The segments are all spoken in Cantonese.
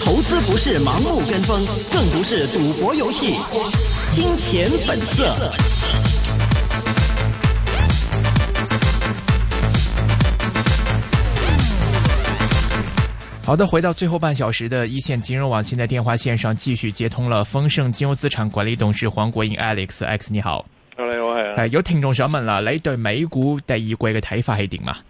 投資不是盲目跟風，更不是賭博遊戲。金錢本色。好的，回到最後半小時的一線金融網，現在電話線上繼續接通了豐盛金融資產管理董事黃國英 Alex，Alex 你好。有聽眾想問啦，你對美股第一季的睇法係點啊？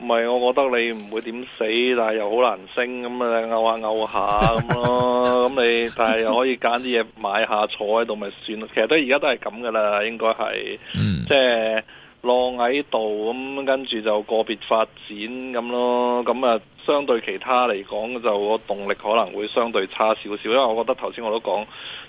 唔係，我覺得你唔會點死，但係又好難升，咁啊，拗下拗下咁咯。咁你，但係又可以揀啲嘢買下，坐喺度咪算咯。其實都而家都係咁噶啦，應該係，嗯、即係晾喺度，咁跟住就個別發展咁咯。咁啊，相對其他嚟講，就個動力可能會相對差少少，因為我覺得頭先我都講，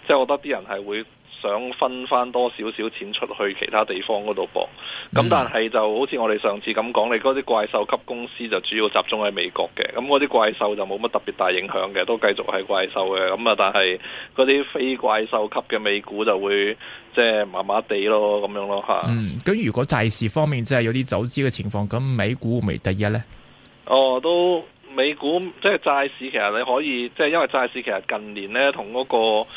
即係我覺得啲人係會。想分翻多少少錢出去其他地方嗰度搏，咁、嗯、但係就好似我哋上次咁講，你嗰啲怪獸級公司就主要集中喺美國嘅，咁嗰啲怪獸就冇乜特別大影響嘅，都繼續係怪獸嘅，咁啊但係嗰啲非怪獸級嘅美股就會即係麻麻地咯，咁樣咯吓。咁、嗯、如果債市方面真係有啲走資嘅情況，咁美股會得一呢？哦，都美股即係債市，其實你可以即係因為債市其實近年呢，同嗰、嗰個。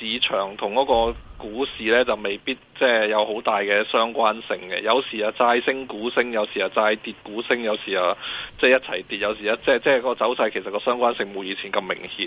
市場同嗰個。股市咧就未必即係、就是、有好大嘅相關性嘅，有時啊債升股升，有時啊債跌股升，有時啊即係一齊跌，有時啊即係即係個走勢其實個相關性冇以前咁明顯。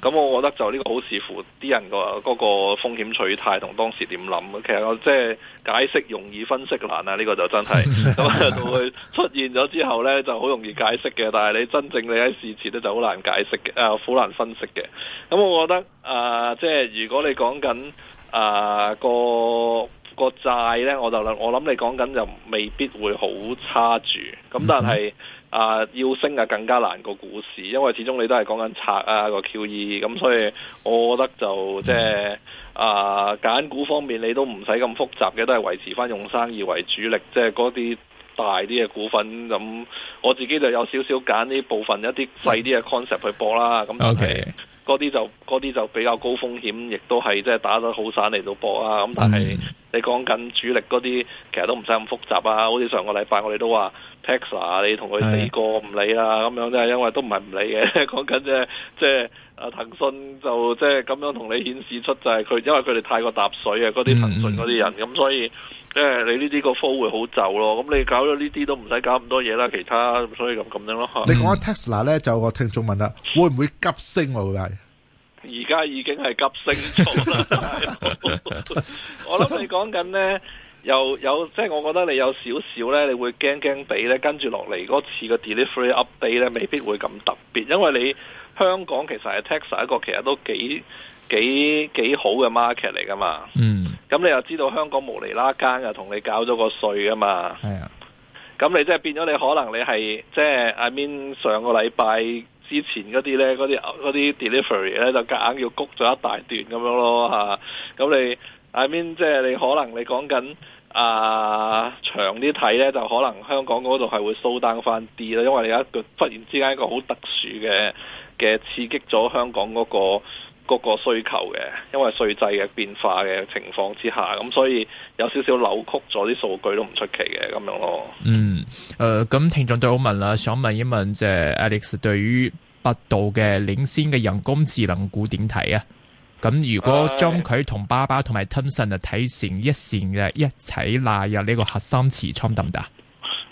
咁、嗯、我覺得就呢個好視乎啲人個嗰、那個風險取態同當時點諗。其實我即係解釋容易分析難啊，呢、這個就真係。咁 到佢出現咗之後咧，就好容易解釋嘅，但係你真正你喺事前咧就好難解釋嘅，啊好難分析嘅。咁我覺得啊，即、呃、係、就是、如果你講緊。啊，那個、那個債咧，我就我諗你講緊就未必會好差住，咁但係、嗯、哼啊，要升啊更加難過股市，因為始終你都係講緊拆啊個 QE，咁所以我覺得就即係、嗯、哼啊，揀股方面你都唔使咁複雜嘅，都係維持返用生意為主力，即係嗰啲大啲嘅股份咁。我自己就有少少揀呢部分、嗯、一啲細啲嘅 concept 去搏啦。咁。嗯 okay. 嗰啲就嗰啲就比較高風險，亦都係即係打得好散嚟到搏啊。咁但係你講緊主力嗰啲，其實都唔使咁複雜啊。好似上個禮拜我哋都話 Texas，、er, 你同佢死過唔理啦、啊、咁樣即係。因為都唔係唔理嘅，講緊即係，即係騰訊就即係咁樣同你顯示出就係佢，因為佢哋太過搭水啊。嗰啲騰訊嗰啲人咁，所以、嗯嗯。即係、哎、你呢啲個科會好走咯，咁你搞咗呢啲都唔使搞咁多嘢啦，其他，所以咁咁樣咯。你講 Tesla 咧，嗯、就我聽眾問啦，會唔會急升、啊？我而家已經係急升咗， 我諗你講緊咧，又有即係、就是、我覺得你有少少咧，你會驚驚地咧，跟住落嚟嗰次個 delivery update 咧，未必會咁特別，因為你香港其實係 Tesla 一個，其實都幾。幾幾好嘅 market 嚟噶嘛？嗯，咁你又知道香港無厘啦，更，又同你交咗個稅啊嘛。係啊、哎呀，咁你即係變咗你可能你係即係阿 I mean 上個禮拜之前嗰啲咧，嗰啲啲 delivery 咧就夾硬要谷咗一大段咁樣咯吓。咁、啊、你阿 I mean 即係你可能你講緊啊長啲睇咧，就可能香港嗰度係會 slow down 翻啲啦，因為你有一個忽然之間一個好特殊嘅嘅刺激咗香港嗰、嗰個。各個需求嘅，因為稅制嘅變化嘅情況之下，咁所以有少少扭曲咗啲數據都唔出奇嘅咁樣咯。嗯，誒、呃、咁、嗯，聽眾對我問啦，想問一問就係 Alex 對於百度嘅領先嘅人工智能股點睇啊？咁、嗯、如果將佢同巴巴同埋騰訊啊睇成一綫嘅一齊納入呢個核心持倉得唔得？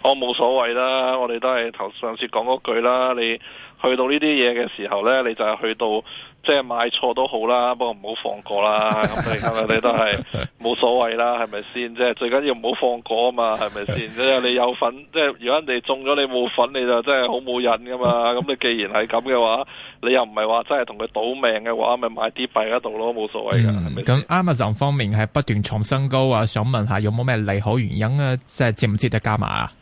我冇、哦、所謂啦，我哋都係頭上次講嗰句啦，你。去到呢啲嘢嘅時候呢，你就係去到即係買錯都好啦，不過唔好放過啦。咁你係咪你都係冇所謂啦？係咪先？即係最緊要唔好放過啊嘛，係咪先？ 你有份，即係如果人哋中咗你冇份，你就真係好冇癮噶嘛。咁 你既然係咁嘅話，你又唔係話真係同佢賭命嘅話，咪買啲幣喺度咯，冇所謂嘅。咁、嗯、Amazon 方面係不斷創新高啊！想問下有冇咩利好原因啊？即係值唔值得加碼啊？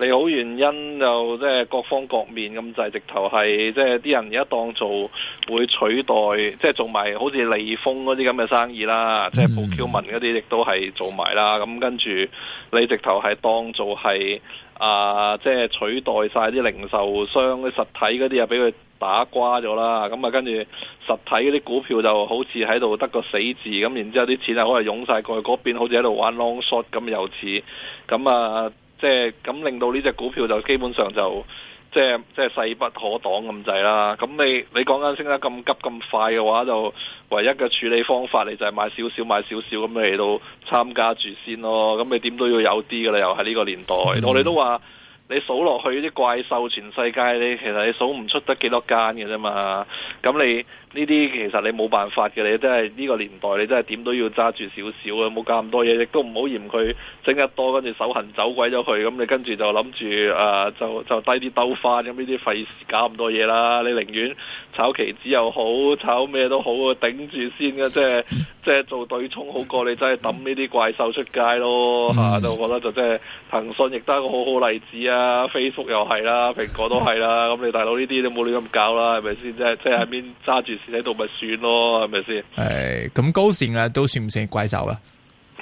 利好原因就即係各方各面，咁就係直頭係即係啲人而家當做會取代，即係做埋好似利豐嗰啲咁嘅生意啦、嗯呃，即係 procurement 嗰啲亦都係做埋啦。咁跟住你直頭係當做係啊，即係取代晒啲零售商、啲實體嗰啲啊，俾佢打瓜咗啦。咁啊，跟住實體嗰啲股票就好似喺度得個死字咁，然之後啲錢啊，可能湧晒過嗰邊，好似喺度玩 long short 咁又似咁啊。即係咁令到呢隻股票就基本上就即係即係勢不可擋咁滯啦。咁你你講緊升得咁急咁快嘅話，就唯一嘅處理方法你就係買少少買少少咁嚟到參加住先咯。咁你點都要有啲嘅啦，又喺呢個年代，的我哋都話你數落去啲怪獸全世界，你其實你數唔出得幾多間嘅啫嘛。咁你。呢啲其實你冇辦法嘅，你真係呢個年代，你真係點都要揸住少少啊！冇搞咁多嘢，亦都唔好嫌佢整得多，跟住手痕走鬼咗佢，咁你跟住就諗住誒，就就低啲兜翻，咁呢啲費事搞咁多嘢啦！你寧願炒期指又好，炒咩都好啊，頂住先嘅，即係即係做對沖好過你真係抌呢啲怪獸出街咯嚇！都、嗯啊、覺得就即係騰訊亦都係一個好好例子啊，Facebook 又係啦，蘋果都係啦，咁你大佬呢啲你冇亂咁搞啦，係咪先？即係即係喺邊揸住？蝕喺度咪算咯，係咪先？係咁高盛啊，都算唔算怪獸啊？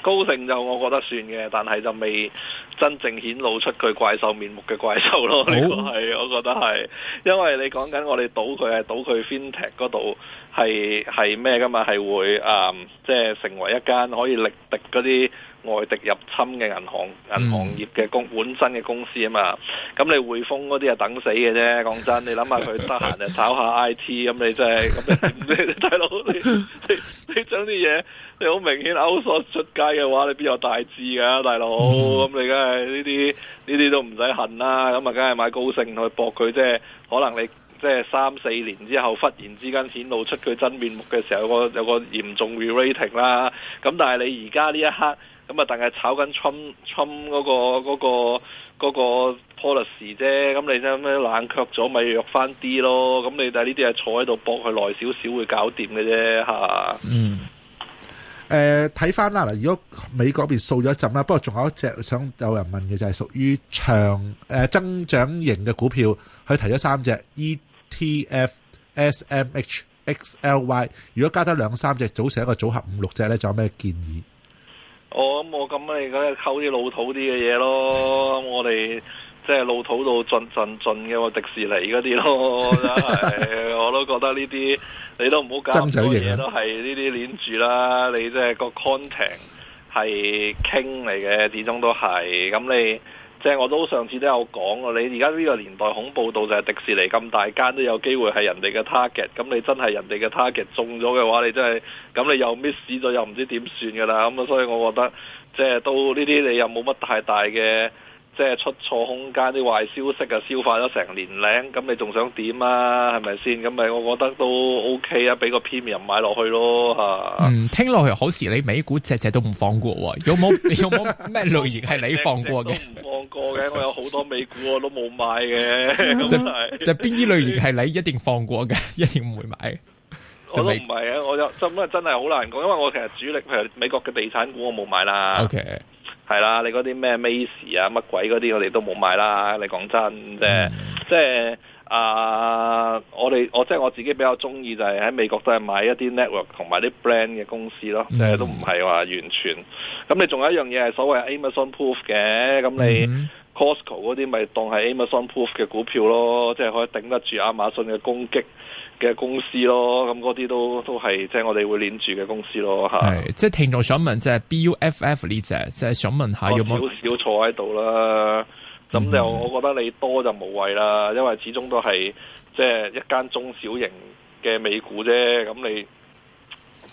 高盛就我覺得算嘅，但係就未真正顯露出佢怪獸面目嘅怪獸咯。呢好個係我覺得係，因為你講緊我哋賭佢係賭佢 FinTech 嗰度係係咩噶嘛？係會誒，即、呃、係、就係、成為一間可以力敵嗰啲。外敵入侵嘅銀行，銀行業嘅公本身嘅公司啊嘛，咁你匯豐嗰啲啊等死嘅啫。講真，你諗下佢得閒就炒下 I T，咁你真係，大佬你 你你將啲嘢，你好明顯 outsource 出街嘅話，你邊有大志噶，啊，大佬？咁 你梗係呢啲呢啲都唔使恨啦。咁啊，梗係買高盛去搏佢啫。即可能你即係三四年之後忽然之間顯露出佢真面目嘅時候，有個有個嚴重 re-rating 啦。咁但係你而家呢一刻，咁啊，但係炒緊春春嗰個嗰個嗰個 policy 啫，咁你咧咩冷卻咗咪弱翻啲咯？咁你但係呢啲係坐喺度搏，佢耐少少會搞掂嘅啫，吓。嗯。誒、呃，睇翻啦，嗱，如果美國邊掃咗一陣啦，不過仲有一隻想有人問嘅就係屬於長誒、呃、增長型嘅股票，佢提咗三隻 ETF、SMH、XLY，如果加得兩三隻組成一個組合，五六隻咧，仲有咩建議？我咁我咁你嗰啲溝啲老土啲嘅嘢咯，我哋即係老土到盡盡盡嘅喎，迪士尼嗰啲咯，真 我都覺得呢啲你都唔好搞咁多嘢，都係呢啲黏住啦。你即、就、係、是、個 content 係傾嚟嘅，始終都係咁你。即係我都上次都有講過，你而家呢個年代恐怖到就係迪士尼咁大間都有機會係人哋嘅 target，咁你真係人哋嘅 target 中咗嘅話，你真係咁你又 miss 咗又唔知點算噶啦，咁啊，所以我覺得即係都呢啲你又冇乜太大嘅。即係出錯空間啲壞消息消啊，消化咗成年零，咁你仲想點啊？係咪先？咁咪我覺得都 OK 啊，俾個偏面買落去咯吓。嗯，聽落去好似你美股隻只都唔放過，有冇有冇咩類型係你放過嘅？唔放過嘅，我有好多美股我都冇買嘅。咁 就就邊啲類型係你一定放過嘅？一定唔會買？ 我都唔係啊，我有真係好難講，因為我其實主力譬如美國嘅地產股我冇買啦。OK。係啦，你嗰啲咩 Macy 啊，乜鬼嗰啲我哋都冇買啦。你講真即係，即係啊、呃，我哋我即係我自己比較中意就係喺美國都係買一啲 network 同埋啲 brand 嘅公司咯，即係都唔係話完全。咁你仲有一樣嘢係所謂 Amazon-proof 嘅，咁你 Costco 嗰啲咪當係 Amazon-proof 嘅股票咯，即係可以頂得住亞馬遜嘅攻擊。嘅公司咯，咁嗰啲都都係即係我哋會連住嘅公司咯吓。係，即係聽眾想問即係 B F F 呢隻，即係想問下有冇少少坐喺度啦？咁就、嗯、我覺得你多就無謂啦，因為始終都係即係一間中小型嘅美股啫。咁你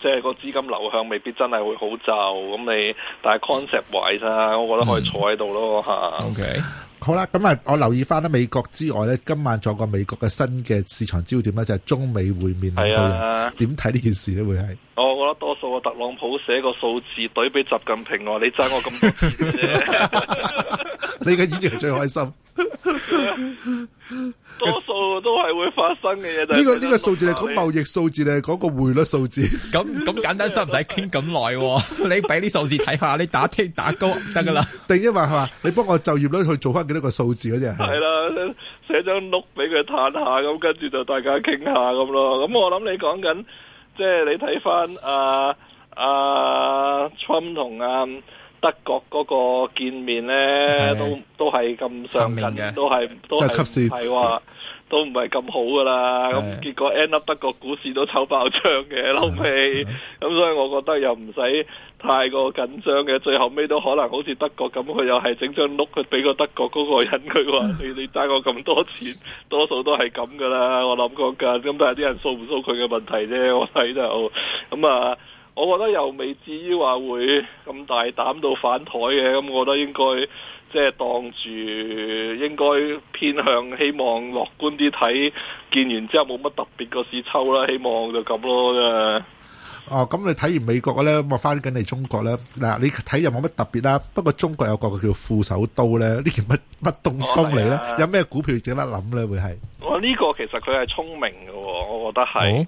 即係個資金流向未必真係會好就，咁你但係 concept 壞咋，wise, 我覺得可以坐喺度咯吓。嗯啊、o、okay. k 好啦，咁啊，我留意翻咧美國之外咧，今晚仲有個美國嘅新嘅市場焦點咧，就係、是、中美會面。係啊，點睇呢件事咧？會係我，我覺得多數個特朗普寫個數字懟俾習近平，話你爭我咁多嘢，你嘅 演繹係最開心。 多數都係會發生嘅嘢。呢、就呢個呢、呢個數字係講貿易數字咧，講個匯率數字。咁咁 簡單、啊，使唔使傾咁耐？你俾啲數字睇下，你打聽打高得噶啦。 定一嘛係嘛，你幫我就業率去做翻幾多個數字嗰啲 啊？係啦，寫張 note 俾佢嘆下，咁跟住就大家傾下咁咯。咁我諗你講緊，即、就、係、是、你睇翻阿阿 Trump 同啊。啊德國嗰個見面呢的都都係咁上近嘅，都係都係係喎，都唔係咁好噶啦。咁結果 end up 的德國股市都抽爆張嘅，撈皮。咁所以我覺得又唔使太過緊張嘅。最後尾都可能好似德國咁，佢又係整張碌佢俾個德國嗰個人。佢話的你你爭我咁多錢， 多數都係咁噶啦。我諗過噶，咁都係啲人掃唔掃佢嘅問題啫。我睇就咁啊。嗯嗯嗯嗯。我覺得又未至於話會咁大膽到反台嘅，咁、嗯、我覺得應該即係當住應該偏向希望樂觀啲睇。見完之後冇乜特別個市抽啦，希望就咁咯啫。哦、啊，咁、嗯、你睇完美國咧，我翻緊嚟中國咧。嗱，你睇又冇乜特別啦。不過中國有個叫副首都咧，呢件乜乜東東嚟咧？啊、有咩股票值得諗咧？會係我呢個其實佢係聰明嘅，我覺得係。嗯。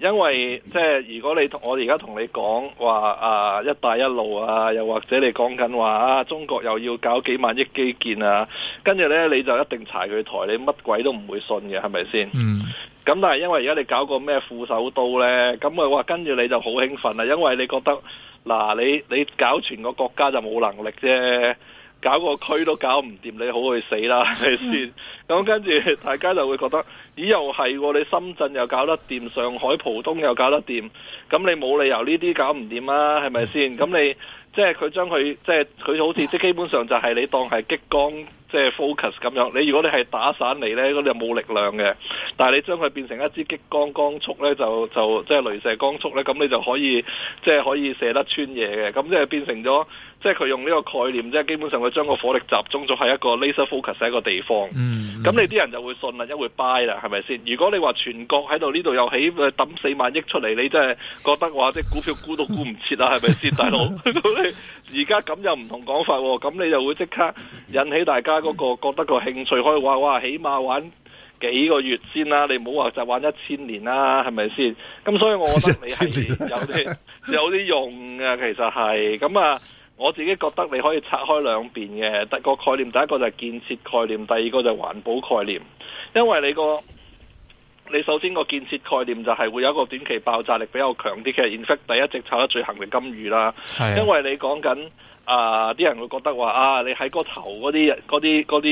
因為即係如果你同我而家同你講話啊，一帶一路啊，又或者你講緊話啊，中國又要搞幾萬億基建啊，跟住呢你就一定柴佢台，你乜鬼都唔會信嘅，係咪先？嗯。咁但係因為而家你搞個咩副首都呢，咁我話跟住你就好興奮啊，因為你覺得嗱，你你搞全個國家就冇能力啫。搞個區都搞唔掂，你好去死啦，係咪先？咁 跟住大家就會覺得咦又係喎、哦，你深圳又搞得掂，上海浦東又搞得掂，咁你冇理由呢啲搞唔掂啊？係咪先？咁 你即係佢將佢即係佢好似即基本上就係你當係激光。即係 focus 咁樣，你如果你係打散嚟咧，你又冇力量嘅。但係你將佢變成一支激光光束咧，就就即係鐳射光束咧，咁你就可以即係、就是、可以射得穿嘢嘅。咁即係變成咗，即係佢用呢個概念，即、就、係、是、基本上佢將個火力集中咗喺一個 laser focus 一個地方。嗯。咁你啲人就會信啦，一會 buy 啦，係咪先？如果你話全國喺度呢度又起抌四萬億出嚟，你真係覺得話即係股票估都估唔切啦，係咪先，大佬？而家咁又唔同講法喎、啊，咁你就會即刻引起大家。嗰個覺得個興趣可以話，哇！起碼玩幾個月先啦，你唔好話就玩一千年啦，係咪先？咁所以我覺得你係有啲 有啲用嘅，其實係咁啊！我自己覺得你可以拆開兩邊嘅，第個概念，第一個就係建設概念，第二個就係環保概念，因為你個你首先個建設概念就係會有一個短期爆炸力比較強啲嘅。其實 in fact，第一隻炒得最行嘅金魚啦，是啊、因為你講緊。啊！啲人會覺得話啊，你喺個頭嗰啲、嗰啲、嗰啲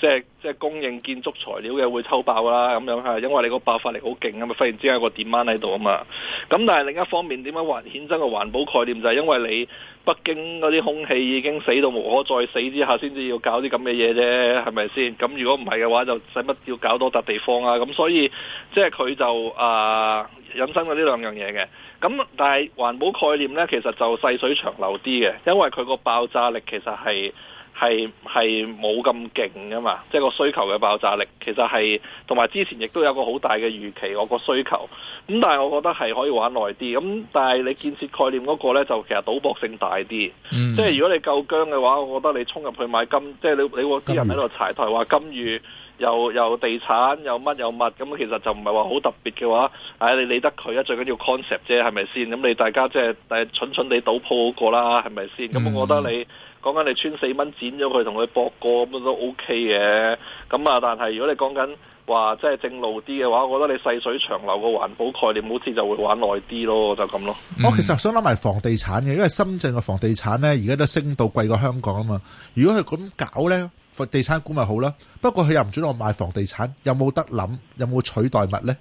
即係即係供應建築材料嘅會抽爆啦咁樣係，因為你個爆發力好勁啊嘛，忽然之間有個 demand 喺度啊嘛。咁但係另一方面，點樣環衍生個環保概念就係因為你北京嗰啲空氣已經死到無可再死之下先至要搞啲咁嘅嘢啫，係咪先？咁如果唔係嘅話，就使乜要搞多笪地方啊？咁所以即係佢就啊引申咗呢兩樣嘢嘅。咁、嗯、但係環保概念呢，其實就細水長流啲嘅，因為佢個爆炸力其實係係係冇咁勁噶嘛，即係個需求嘅爆炸力其實係同埋之前亦都有個好大嘅預期我個需求，咁、嗯、但係我覺得係可以玩耐啲。咁、嗯、但係你建設概念嗰個呢，就其實賭博性大啲，嗯、即係如果你夠姜嘅話，我覺得你衝入去買金，即係你你嗰啲人喺度踩台話金魚。又又地產又乜又乜，咁，其實就唔係話好特別嘅話，唉、哎，你理得佢啊！最緊要 concept 啫，係咪先？咁你大家即係但蠢蠢地倒鋪好過啦，係咪先？咁、嗯、我覺得你講緊你穿四蚊剪咗佢，同佢博過咁都 OK 嘅。咁啊，但係如果你講緊，話即係正路啲嘅話，我覺得你細水長流個環保概念，好似就會玩耐啲咯，就咁咯。我、嗯哦、其實我想諗埋房地產嘅，因爲深圳嘅房地產咧，而家都升到貴過香港啊嘛。如果佢咁搞咧，房地產股咪好啦。不過佢又唔准我買房地產，有冇得諗？有冇取代物咧？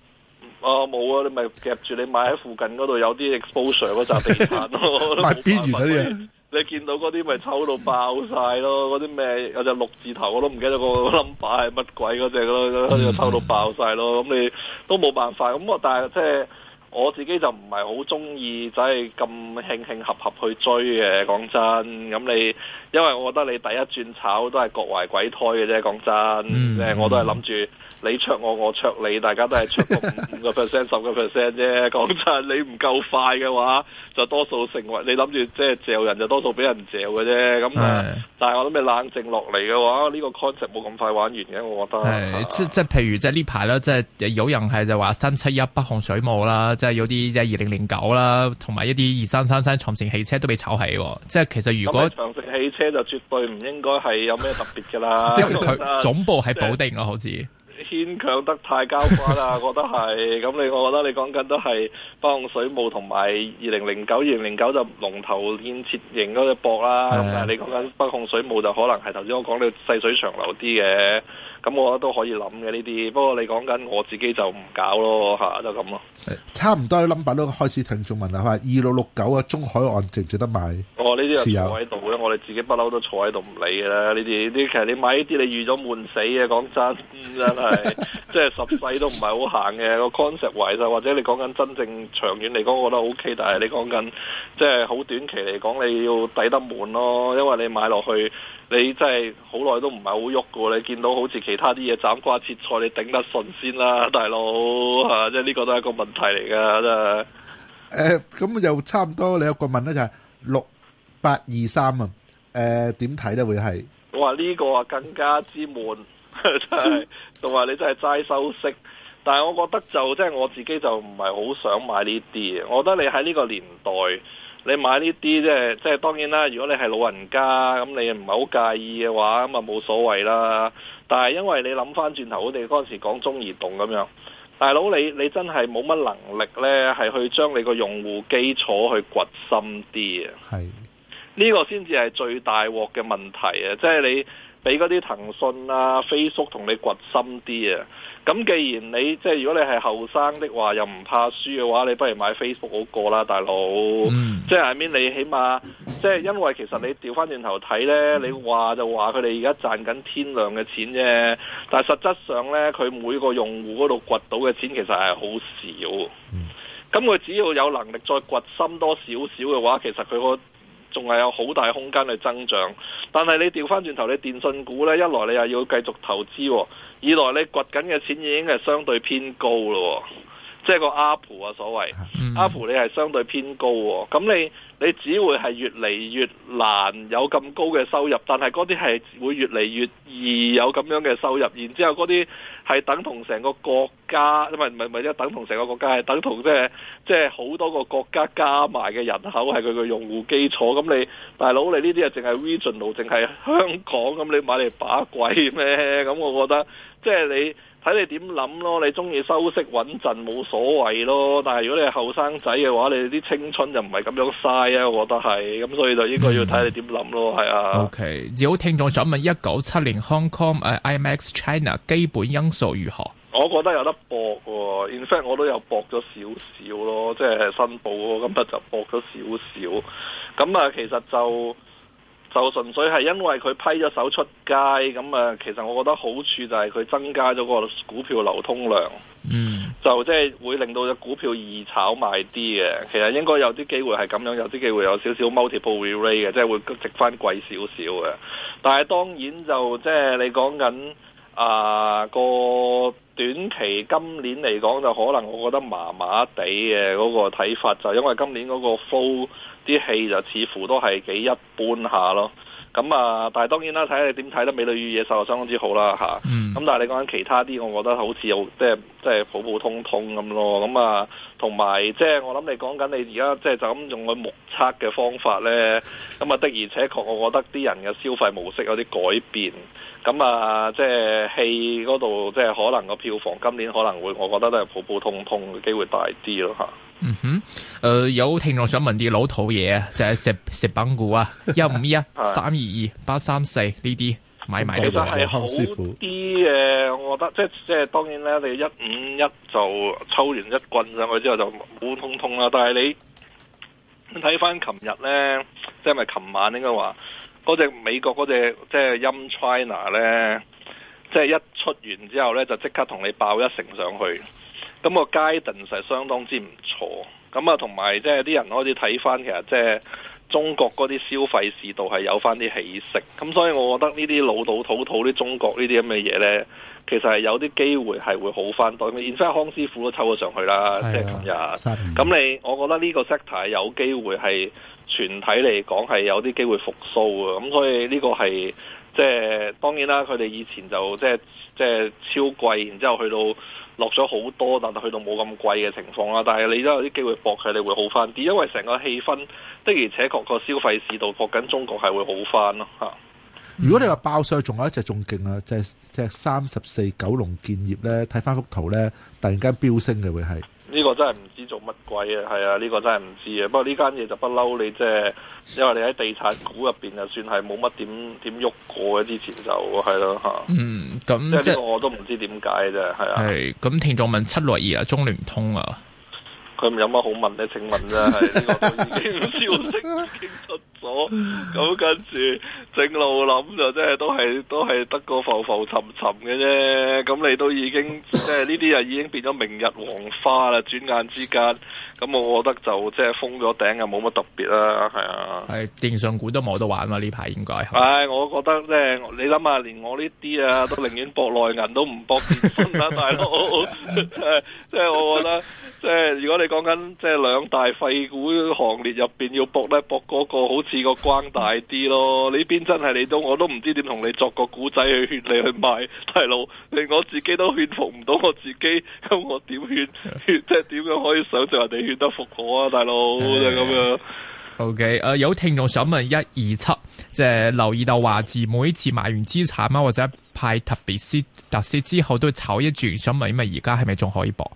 啊冇、哦、啊！你咪夾住你買喺附近嗰度有啲 exposure 嗰紮地產咯，買邊緣嗰啲。 你見到嗰啲咪抽到爆晒咯，嗰啲咩有隻六字頭我都唔記得個 number 係乜鬼嗰隻咯嗰隻，嗰啲抽到爆晒咯，咁你都冇辦法咁，我但係即係我自己就唔係好中意即係咁慶慶合合去追嘅，講真。咁你因為我覺得你第一轉炒都係各懷鬼胎嘅啫，講真。嗯，嗯。我都係諗住。你卓我，我卓你，大家都係出個五五個 percent、十個 percent 啫。講真，你唔夠快嘅話，就多數成為你諗住即係借人，就多數俾人借嘅啫。咁、嗯、是但係我諗你冷靜落嚟嘅話，呢、呢個 concept 冇咁快玩完嘅，我覺得。是是即即係譬如即係呢排啦，即係有人係就話三七一北控水務啦，即係有啲即係二零零九啦，同埋一啲二三三三長城汽車都被炒起。即係其實如果長城汽車就絕對唔應該係有咩特別嘅啦。因為佢總部喺保定啊，好似。牽強 得太交關啦，我覺得係咁你，我覺得你講緊都係北控水務同埋二零零九、二零零九就龍頭建設型嗰隻博啦。咁但係，你講緊北控水務就可能係頭先我講你細水長流啲嘅。咁、嗯、我咧都可以諗嘅呢啲。不過你講緊我自己就唔搞咯，吓、嗯、就咁咯。差唔多冧板都開始聽眾問啦，係二六六九啊，中海岸值唔值得買？哦，呢啲又坐喺度嘅， 我哋自己不嬲都坐喺度唔理嘅啦。呢啲啲其實你買呢啲你預咗悶死嘅，講真真係。 即係十世都唔係好行嘅 個 concept 位就是，或者你講緊真正長遠嚟講我覺得 O、OK, K，但係你講緊即係好短期嚟講你要抵得悶咯，因為你買落去你真係好耐都唔係好喐噶，你見到好似其他啲嘢斬瓜切菜，你頂得順先啦，大佬吓、啊，即係呢個都係一個問題嚟噶，真係。誒、呃，咁又差唔多，你有個問咧就係六八二三啊，誒，點睇咧會係？我話呢個啊更加之悶。 真係，同埋你真係齋收息，但係我覺得就即係我自己就唔係好想買呢啲。我覺得你喺呢個年代，你買呢啲即係即係當然啦。如果你係老人家咁，你唔係好介意嘅話，咁啊冇所謂啦。但係因為你諗翻轉頭，我哋嗰時講中移動咁樣，大佬你你真係冇乜能力呢，係去將你個用戶基礎去掘深啲嘅。係呢個先至係最大鑊嘅問題啊！即係你。俾嗰啲騰訊啊、Facebook 同你掘深啲啊！咁既然你即係如果你係後生的話，又唔怕輸嘅話，你不如買 Facebook 嗰個啦，大佬。Mm. 即係 I mean，係咪？你起碼即係因為其實你調翻轉頭睇呢，你話就話佢哋而家賺緊天量嘅錢啫，但係實質上呢，佢每個用戶嗰度掘到嘅錢其實係好少。咁佢只要有能力再掘深多少少嘅話，其實佢個仲係有好大空間去增長，但係你調翻轉頭，你電信股咧，一來你又要繼續投資喎，二來你掘緊嘅錢已經係相對偏高咯喎。即係個 Apple 啊，所謂 Apple 你係相對偏高喎，咁你你只會係越嚟越難有咁高嘅收入，但係嗰啲係會越嚟越易有咁樣嘅收入，然之後嗰啲係等同成個國家，唔係唔係唔係即等同成個國家係等同即係即係好多個國家加埋嘅人口係佢嘅用戶基礎，咁你大佬你呢啲啊淨係 regional 路，淨係香港咁你買嚟把鬼咩？咁我覺得即係、就是、你。睇你點諗咯，你中意收息穩陣冇所謂咯。但係如果你係後生仔嘅話，你啲青春就唔係咁樣嘥啊。我覺得係，咁所以就應該要睇你點諗咯。係、嗯、啊。OK，有聽眾想問一九七年 Hong Kong、uh, IMAX China 基本因素如何？我覺得有得搏、哦。In fact，我都有搏咗少少咯，即係新報咯今日就搏咗少少。咁、嗯、啊，其實就。就純粹係因為佢批咗手出街，咁啊，其實我覺得好處就係佢增加咗個股票流通量，嗯，就即係會令到隻股票易炒賣啲嘅。其實應該有啲機會係咁樣，有啲機會有少少 multiple re-rate 嘅，即係會值翻貴少少嘅。但係當然就即係你講緊啊個短期今年嚟講，就可能我覺得麻麻地嘅嗰個睇法就，就因為今年嗰個 full。啲戲就似乎都係幾一般下咯，咁啊，但係當然啦，睇你點睇得美女與野獸就啊，相當之好啦，吓，咁但係你講緊其他啲，我覺得好似又即係即係普普通通咁咯，咁啊，同埋即係我諗你講緊你而家即係就咁用個目測嘅方法呢。咁啊的而且確，我覺得啲人嘅消費模式有啲改變，咁啊即係戲嗰度即係可能個票房今年可能會，我覺得都係普普通通嘅機會大啲咯，吓，啊。嗯哼，誒、呃，有聽眾想問啲老土嘢，就是，啊，就係食食品股啊，買一五一三二二八三四呢啲買埋都好。 其實係好啲嘅。我覺得即係即係，當然咧，你一五一就抽完一棍上去之後就烏通通啦。但係你睇翻琴日咧，即係咪琴晚應該話嗰隻美國嗰隻即係 Yum China 咧，即係、um、一出完之後咧，就即刻同你爆一成上去。咁個階段實相當之唔錯，咁啊同埋即係啲人開始睇翻，其實即係中國嗰啲消費市道係有翻啲起色，咁所以我覺得呢啲老到土土土啲中國呢啲咁嘅嘢咧，其實係有啲機會係會好翻多。而且康師傅都抽咗上去啦，即係琴日。咁的你我覺得呢個 sector 有機會係全體嚟講係有啲機會復甦嘅，咁所以呢個係。即係當然啦，佢哋以前就即係即係超貴，然之後去到落咗好多，但係去到冇咁貴嘅情況啦。但係你都有啲機會搏佢，你會好翻啲，因為成個氣氛的而且確個消費市道搏緊，中國係會好翻咯嚇。嗯、如果你話爆上，仲有一隻仲勁啦，即係即係三十四九龍建業咧，睇翻幅圖咧，突然間飆升嘅會係。呢個真係唔知做乜鬼啊！係啊，呢個真係唔知啊。不過呢間嘢就不嬲你即係，因為你喺地產股入邊就算係冇乜點點喐過嘅，之前就係咯嚇。嗯，咁即係呢個我都唔知點解啫，係啊。係，咁聽眾問七六二啊，中聯通啊，佢有乜好問咧？請問啫，係、這、呢個消息 咗咁跟住正路諗就即係都係都係得個浮浮沉沉嘅啫。咁你都已經即係呢啲人已經變咗明日黃花啦。轉眼之間，咁我覺得就即係封咗頂啊，冇乜特別啦。係啊，係電信股都冇得玩啦呢排應該。唉，我覺得即係你諗下，連我呢啲啊都寧願博內銀都唔博跌翻啦，大佬。即係我覺得即係如果你講緊即係兩大廢股行列入邊要博咧，博嗰個好。試個關大啲咯，呢邊真係你都我都唔知點同你作個古仔去勸你去買，大佬，連我自己都勸服唔到我自己，咁我點勸、勸？即係點樣可以想像人哋勸得服我啊，大佬、嗯、就咁樣。OK，誒、uh, 有聽眾想問一二七，即係留意到華置每次買完資產啊，或者派特別息特色之後都要炒一轉，想問，因為而家係咪仲可以搏？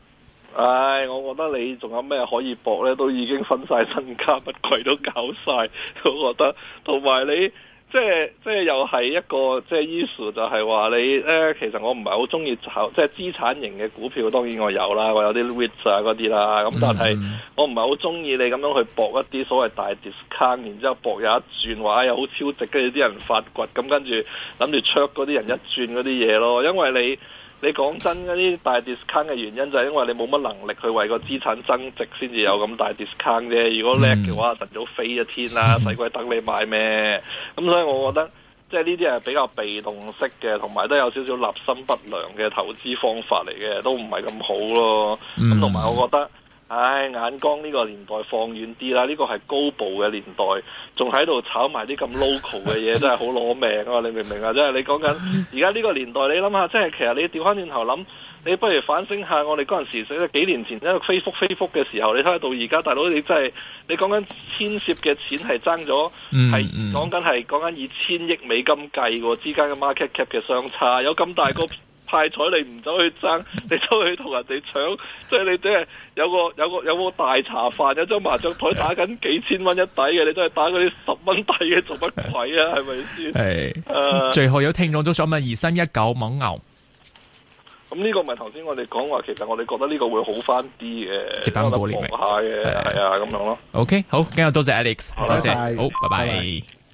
唉、哎，我覺得你仲有咩可以搏呢？都已經分晒身家，乜鬼都搞晒，我覺得。同埋你，即係即係又係一個，即係 issue 就係話你咧、呃。其實我唔係好中意炒，即係資產型嘅股票，當然我有啦，我有啲 wit 啊嗰啲啦。咁但係我唔係好中意你咁樣去搏一啲所謂大 discount，然之後搏有一轉，話又好超值，跟住啲人發掘，咁跟住諗住 check 嗰啲人一轉嗰啲嘢咯，因為你。你講真嗰啲大 discount 嘅原因就係因為你冇乜能力去為個資產增值，先至有咁大 discount 啫。如果叻嘅話，提早、嗯、飛一天啦、啊，使鬼、嗯、等你買咩？咁、嗯、所以我覺得，即係呢啲係比較被動式嘅，同埋都有少少立心不良嘅投資方法嚟嘅，都唔係咁好咯。咁同埋我覺得。唉、哎，眼光呢個年代放遠啲啦，呢、這個係高暴嘅年代，仲喺度炒埋啲咁 local 嘅嘢， 真係好攞命啊！你明唔明啊？即係你講緊而家呢個年代，你諗下，即係其實你調翻轉頭諗，你不如反省下我哋嗰陣時，即係幾年前一度 Facebook Facebook 嘅時候，你睇到而家大佬你真係，你講緊牽涉嘅錢係爭咗，係講緊係講緊以千億美金計嘅之間嘅 market cap 嘅相差有咁大個。嗯嗯大彩 你唔走去爭，你走去同人哋搶，即係你即係有個有個有個大茶飯，有張麻將台打緊幾千蚊一底嘅，你都係打嗰啲十蚊底嘅做乜鬼啊？係咪先？係，誒，最後有聽眾都想問二三一九蒙牛，咁呢、嗯這個咪頭先我哋講話，其實我哋覺得呢個會好翻啲嘅，食蛋股呢？下嘅係啊，咁樣咯。OK，好，今日多謝，謝 Alex，多謝，好，拜拜。